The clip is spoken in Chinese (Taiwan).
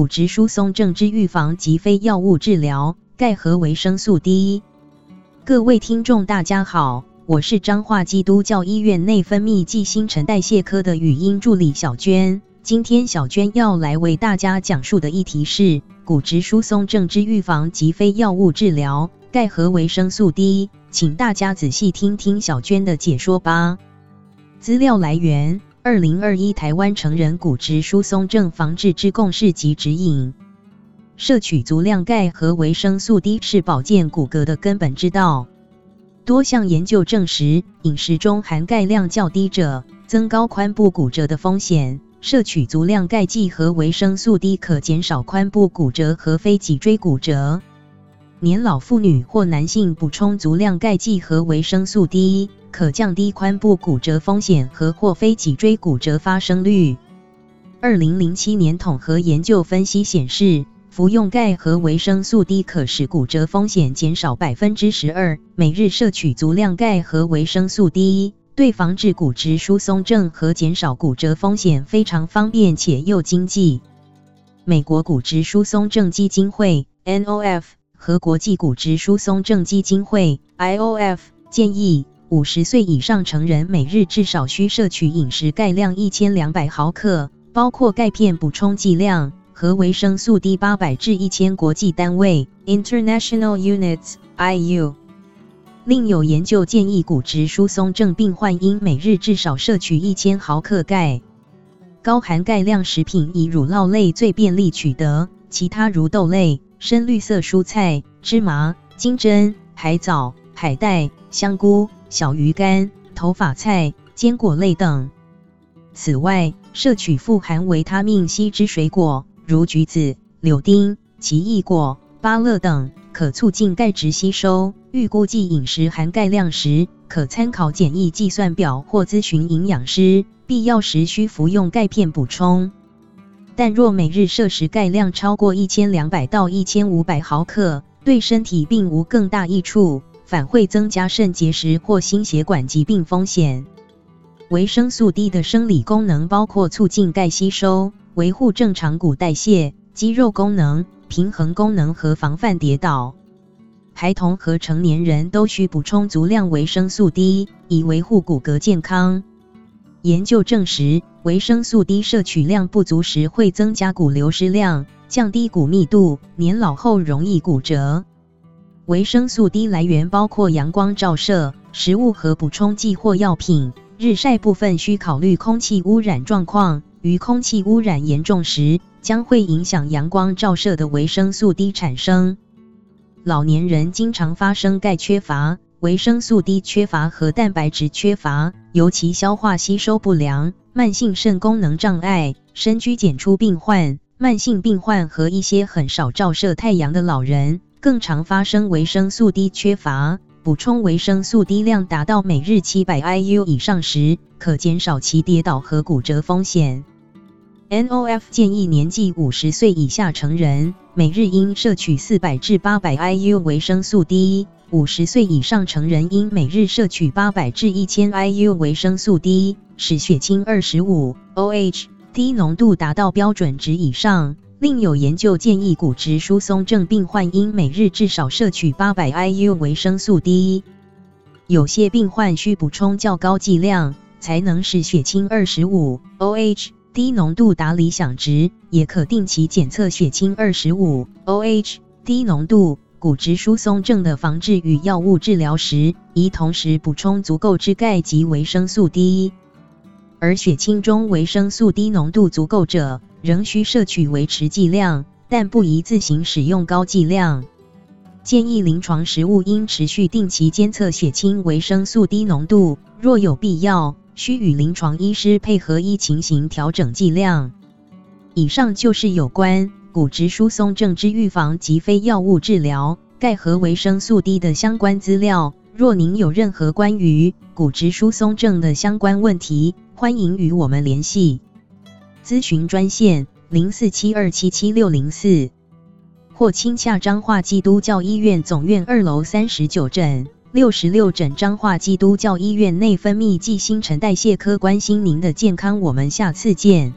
骨質疏鬆症之預防及非藥物治療，鈣和維生素 D。各位聽眾，大家好，我是彰化基督教醫院內分泌暨新陳代謝科的語音助理小娟。今天小娟要來為大家講述的議題是骨質疏鬆症之預防及非藥物治療，鈣和維生素 D。請大家仔細聽聽小娟的解說吧。資料來源。二零二一台灣成人骨質疏鬆症防治之共識及指引：攝取足量鈣和維生素 D 是保健骨骼的根本之道。多項研究證實，飲食中含鈣量較低者，增高髖部骨折的風險；攝取足量鈣劑和維生素 D 可減少髖部骨折和非脊椎骨折。年老婦女或男性補充足量鈣劑和維生素 D，可降低髖部骨折風險和或非脊椎骨折發生率。二零零七年統合研究分析顯示，服用鈣和維生素 D 可使骨折風險減少百分之十二。每日攝取足量鈣和維生素 D，對防治骨質疏鬆症和減少骨折風險非常方便且又經濟。美國骨質疏鬆症基金會 （N.O.F.） 和國際骨質疏鬆症基金會 （I.O.F.） 建議，五十歲以上成人每日至少需攝取飲食鈣量一千兩百毫克，包括鈣片補充劑量和維生素 D 八百至一千國際單位 （International Units, I.U.）。另有研究建議，骨質疏鬆症病患應每日至少攝取一千毫克鈣。高含鈣量食品以乳酪類最便利取得，其他如豆類、深綠色蔬菜、芝麻、金針、海藻、海帶、香菇、小魚乾、頭髮菜、堅果類等。此外，攝取富含維他命 C 之水果，如橘子、柳丁、奇異果、芭樂等，可促進鈣質吸收。預估計飲食含鈣量時，可參考簡易計算表或諮詢營養師，必要時需服用鈣片補充。但若每日攝食鈣量超過一千兩百到一千五百毫克，對身體並無更大益處，反會增加腎結石或心血管疾病風險。維生素 D 的生理功能包括促進鈣吸收、維護正常骨代謝、肌肉功能、平衡功能和防範跌倒。孩童和成年人都需補充足量維生素 D，以維護骨骼健康。研究證實，維生素 D 攝取量不足時，會增加骨流失量，降低骨密度，年老後容易骨折。維生素 D 來源包括陽光照射、食物和補充劑或藥品。日曬部分需考慮空氣污染狀況，於空氣污染嚴重時，將會影響陽光照射的維生素 D 產生。老年人經常發生鈣缺乏。維生素 D 缺乏和蛋白質缺乏，尤其消化吸收不良、慢性腎功能障礙、深居簡出病患、慢性病患和一些很少照射太陽的老人，更常發生維生素 D 缺乏。補充維生素 D 量達到每日700 IU 以上時，可減少其跌倒和骨折風險。NOF 建議，年紀五十歲以下成人，每日應攝取400至800 IU 維生素 D。五十歲以上成人應每日攝取八百至一千 IU 維生素 D，使血清 25-OH D 濃度達到標準值以上。另有研究建議，骨質疏鬆症病患應每日至少攝取八百 IU 維生素 D，有些病患需補充較高劑量，才能使血清 25-OH D 濃度達理想值。也可定期檢測血清 25-OH D 濃度。骨質疏鬆症的防治與藥物治療時，宜同時補充足夠之鈣及維生素 D。而血清中維生素 D 濃度足夠者，仍需攝取維持劑量，但不宜自行使用高劑量。建議臨床食物應持續定期監測血清維生素 D 濃度，若有必要，需與臨床醫師配合依情形調整劑量。以上就是有關。骨質疏鬆症之預防及非藥物治療、鈣和維生素 D 的相關資料。若您有任何關於骨質疏鬆症的相關問題，歡迎與我們聯繫。諮詢專線：零四七二七七六零四，或親洽彰化基督教醫院總院二樓三十九診、六十六診彰化基督教醫院內分泌暨新陳代謝科。關心您的健康，我們下次見。